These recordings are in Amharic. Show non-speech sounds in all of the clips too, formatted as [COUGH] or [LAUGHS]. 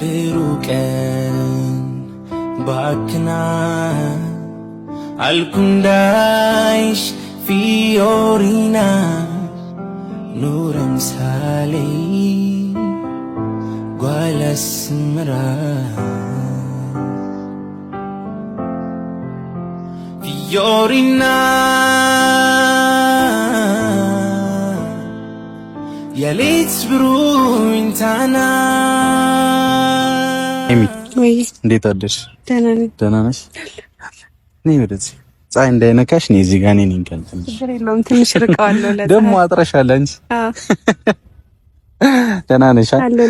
ብሩህ ቀን ባክና አልኩንዳይሽ ፊዮሪና ኑረም ሳሌ ጓላስምራ ፊዮሪና የሌት ብሩኝታና እንዴት አደርሽ? ደህና ነሽ? ነይ ወደዚህ ፀሐይ እንዳይነካሽ። ነይ እዚህ ጋር ነኝ። ትንሽ ርቀዋለሁ። ደግሞ አጥረሻል አንቺ። [LAUGHS] ደህና ነሽ? አለሁ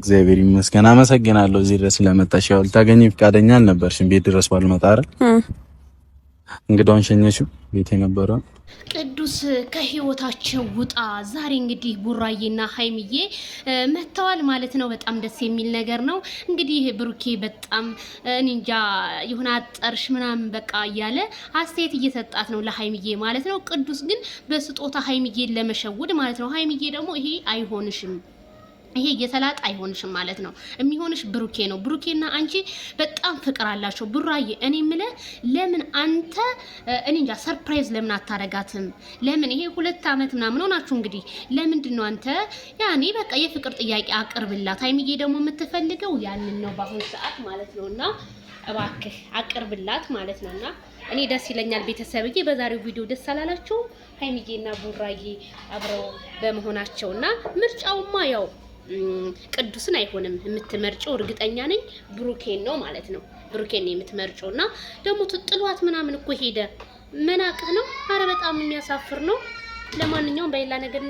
እግዚአብሔር ይመስገን። አመሰግናለሁ እዚህ ድረስ ስለመጣሽ። ያው ፈቃደኛ አልነበርሽም። ቤት ድረስ ባልመጣ አይደል? እንግዳውን ሸኘሽው ቤት ቅዱስ ከህይወታቸው ውጣ። ዛሬ እንግዲህ ቡራዬና ሀይምዬ መጥተዋል ማለት ነው። በጣም ደስ የሚል ነገር ነው። እንግዲህ ብሩኬ በጣም እንጃ የሆነ አጠርሽ ምናምን በቃ እያለ አስተያየት እየሰጣት ነው ለሀይምዬ ማለት ነው። ቅዱስ ግን በስጦታ ሀይምዬን ለመሸውድ ማለት ነው። ሀይምዬ ደግሞ ይሄ አይሆንሽም ይሄ የሰላጣ አይሆንሽም ማለት ነው። የሚሆንሽ ብሩኬ ነው። ብሩኬና አንቺ በጣም ፍቅር አላቸው። ቡራዬ እኔ ምለ ለምን አንተ እኔ እንጃ ሰርፕራይዝ ለምን አታረጋትም? ለምን ይሄ ሁለት ዓመት ምናምን ሆናችሁ እንግዲህ ለምንድን ነው አንተ ያኔ በቃ የፍቅር ጥያቄ አቅርብላት። ሀይሚዬ ደግሞ የምትፈልገው ያንን ነው በአሁን ሰዓት ማለት ነው። እና እባክህ አቅርብላት ማለት ነው እና እኔ ደስ ይለኛል ቤተሰብዬ። በዛሬው ቪዲዮ ደስ አላላችሁም? ሀይሚዬና ቡራዬ አብረው በመሆናቸውና ምርጫውማ ያው ቅዱስን አይሆንም የምትመርጨው እርግጠኛ ነኝ ብሩኬን ነው ማለት ነው። ብሩኬን የምትመርጨው እና ደግሞ ጥሏት ምናምን እኮ ሄደ። መናቅህ ነው። አረ በጣም የሚያሳፍር ነው። ለማንኛውም በሌላ ነገር